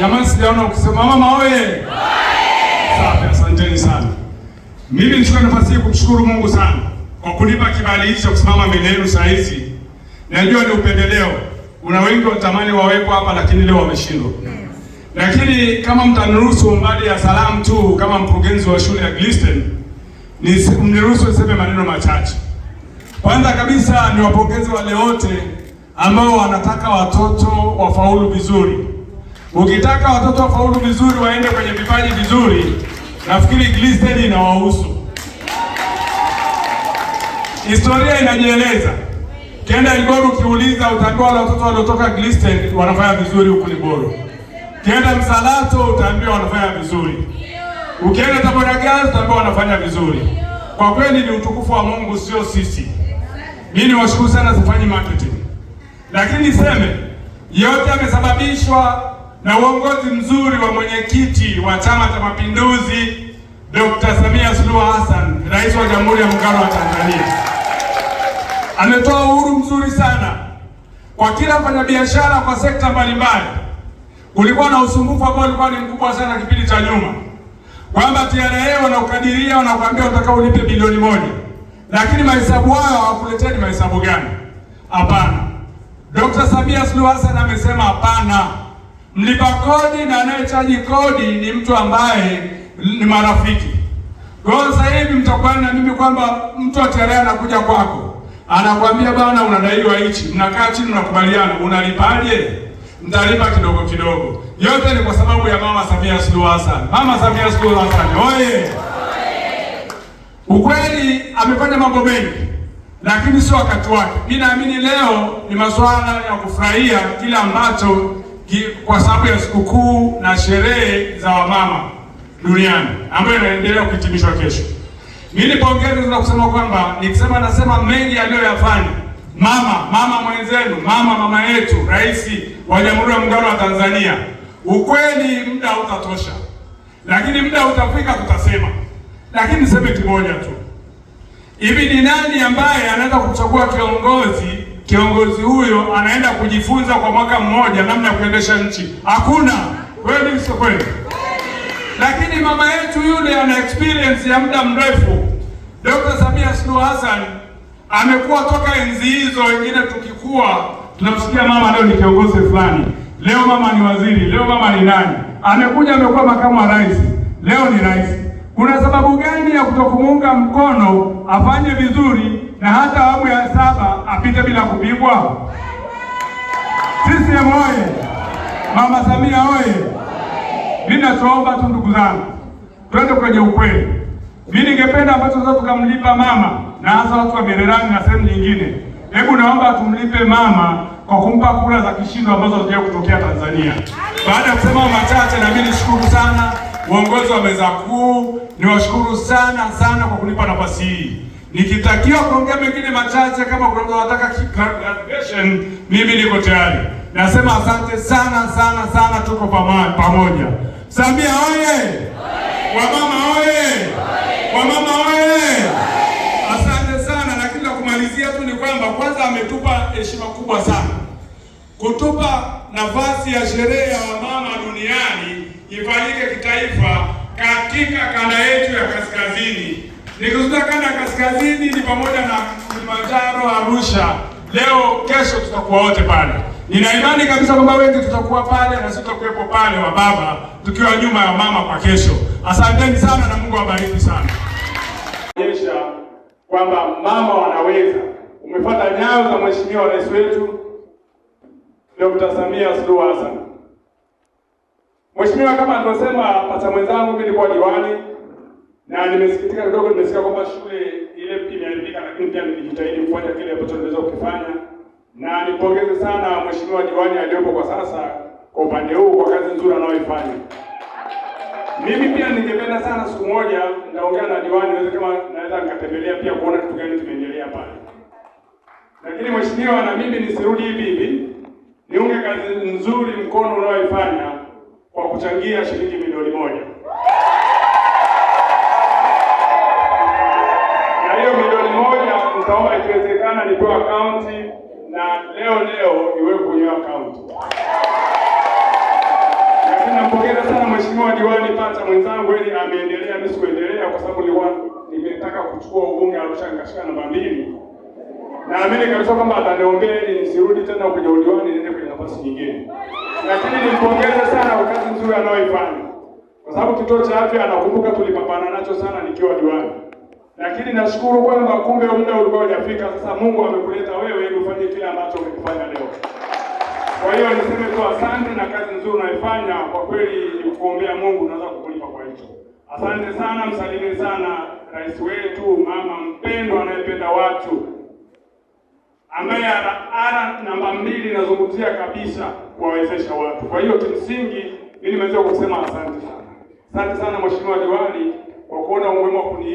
Jamani, sijaona ukisema mama oye. Safi, asanteni sana. Mimi nichukue nafasi hii kumshukuru Mungu sana kwa kunipa kibali hicho kusimama mbele yenu saa hizi. Najua ni upendeleo. Una wengi watamani wawepo hapa lakini leo wameshindwa. Lakini kama mtaniruhusu mbali ya salamu tu kama mkurugenzi wa shule ya Glisten, ni mniruhusu niseme maneno machache. Kwanza kabisa niwapongeze wale wote ambao wanataka watoto wafaulu vizuri. Ukitaka watoto wafaulu vizuri, waende kwenye vipaji vizuri, nafikiri Glisted inawahusu. Historia inajieleza. Kenda Ilboru ukiuliza, utaambiwa wale watoto waliotoka Glisten wanafanya vizuri huku Ilboru. Kenda Msalato utaambiwa wanafanya vizuri, ukienda Tabora Girls utaambiwa wanafanya vizuri. Kwa kweli ni utukufu wa Mungu, sio sisi. Mimi niwashukuru sana, sifanyi marketing, lakini niseme yote yamesababishwa na uongozi mzuri wa mwenyekiti wa Chama cha Mapinduzi Dr. Samia Suluhu Hassan, rais wa Jamhuri ya Muungano wa Tanzania. Ametoa uhuru mzuri sana kwa kila mfanyabiashara kwa sekta mbalimbali. Kulikuwa na usumbufu ambao ulikuwa ni mkubwa sana kipindi cha nyuma, kwamba TRA wanaokadiria wanakuambia unataka ulipe bilioni moja, lakini mahesabu hayo hawakuletea ni mahesabu gani? Hapana, Dr. Samia Suluhu Hassan amesema hapana. Mlipa kodi na anayechaji kodi ni mtu ambaye ni marafiki. Kwa hiyo sasa hivi mtakubali na mimi kwamba mtu aterea anakuja kwako, anakwambia bwana, unadaiwa hichi, mnakaa chini, mnakubaliana, unalipaje? Mtalipa kidogo kidogo. Yote ni kwa sababu ya Mama Samia Suluhu Hassan. Mama Samia Suluhu Hassan oye! Ukweli amefanya mambo mengi, lakini sio wakati wake. Mimi naamini leo ni masuala ya kufurahia kile ambacho kwa sababu ya sikukuu na sherehe za wamama duniani ambayo inaendelea kuhitimishwa kesho. Mimi pongezi na kusema kwamba nikisema nasema mengi aliyoyafanya mama mama mwenzenu mama mama yetu Rais wa Jamhuri ya Muungano wa Tanzania. Ukweli muda utatosha, lakini muda utafika tutasema, lakini niseme kimoja tu hivi, ni nani ambaye anaweza kuchagua kiongozi kiongozi huyo anaenda kujifunza kwa mwaka mmoja namna ya kuendesha nchi. Hakuna kweli, sio kweli? Lakini mama yetu yule ana experience ya muda mrefu. Dr. Samia Suluhu Hassan amekuwa toka enzi hizo, wengine tukikua tunamsikia mama leo ni kiongozi fulani, leo mama ni waziri, leo mama ni nani, amekuja amekuwa makamu wa rais, leo ni rais. Kuna sababu gani ya kutokumuunga mkono afanye vizuri na hata awamu ya saba apite bila kupigwa? CCM oye! Mama Samia oye! Mimi nachoomba tu ndugu zangu, twende kwenye ukweli. Mimi ningependa ambacho sasa tukamlipa mama na hasa watu wa Mererani na sehemu nyingine, hebu naomba tumlipe mama kwa kumpa kura za kishindo ambazo hazijawahi kutokea Tanzania. Baada ya kusema machache, na mimi nishukuru sana uongozi wa meza kuu, niwashukuru sana sana kwa kunipa nafasi hii. Nikitakiwa kuongea mengine machache, kama kuna wanataka congratulation, mimi niko tayari. Nasema asante sana sana sana, tuko pamoja. Samia oye! kwa mama oye! kwa mama oye! Asante sana, lakini kila kumalizia tu ni kwamba kwanza ametupa heshima kubwa sana kutupa nafasi ya sherehe ya wamama duniani ifanyike kitaifa katika kanda yetu ya kaskazini. Nikizungumza kanda ya kaskazini ni pamoja na Kilimanjaro, Arusha. Leo kesho tutakuwa wote pale. Nina imani kabisa kwamba wengi tutakuwa pale na sitakuwepo pale, wa baba tukiwa nyuma ya mama kwa kesho. Asanteni sana na Mungu awabariki sana. Onyesha kwamba mama wanaweza. Umefuata nyayo za mheshimiwa rais wetu Dr. Samia Suluhu Hassan. Mheshimiwa, kama alivyosema pata mwenzangu, mimi nilikuwa diwani na nimesikitika kidogo, nimesikia kwamba shule ile imeharibika, lakini pia nilijitahidi kufanya kile ambacho nimeweza kukifanya, na nipongeze sana mheshimiwa diwani aliyepo kwa sasa kwa upande huu kwa kazi nzuri anayoifanya. Mimi pia ningependa sana siku moja nitaongea na diwani, naweza kama naweza nikatembelea pia kuona kitu gani kimeendelea pale. Lakini mheshimiwa, na mimi nisirudi hivi hivi, niunge kazi nzuri mkono unaoifanya kwa kuchangia shilingi milioni moja na hiyo milioni moja mtaomba ikiwezekana nipewe akaunti na leo leo iwe kwenye akaunti. Lakini nampongeza sana mheshimiwa diwani Pata mwenzangu, ili ameendelea, mimi sikuendelea kwa sababu nilikuwa nimetaka kuchukua ubunge Arusha, nikashika namba mbili. Naamini kabisa kwamba ataniombea ili nisirudi tena kwenye udiwani, niende kwenye nafasi nyingine lakini nimpongeze sana kwa kazi nzuri anayoifanya, kwa sababu kituo cha afya anakumbuka tulipambana nacho sana nikiwa diwani, lakini nashukuru kwamba kumbe muda ulikuwa hujafika. Sasa Mungu amekuleta wewe ili ufanye kile ambacho umekifanya leo. Kwa hiyo niseme tu asante, na kazi nzuri unaifanya kwa kweli, ni kuombea Mungu naweza kukulipa kwa hicho. Asante sana, msalimie sana rais wetu, mama mpendwa anayependa watu, ambaye ana namba mbili, nazungumzia kabisa kuwawezesha watu. Kwa hiyo kimsingi, mimi meweza kusema asante sana, asante sana Mheshimiwa Diwani kwa kuona umuhimu wa kuni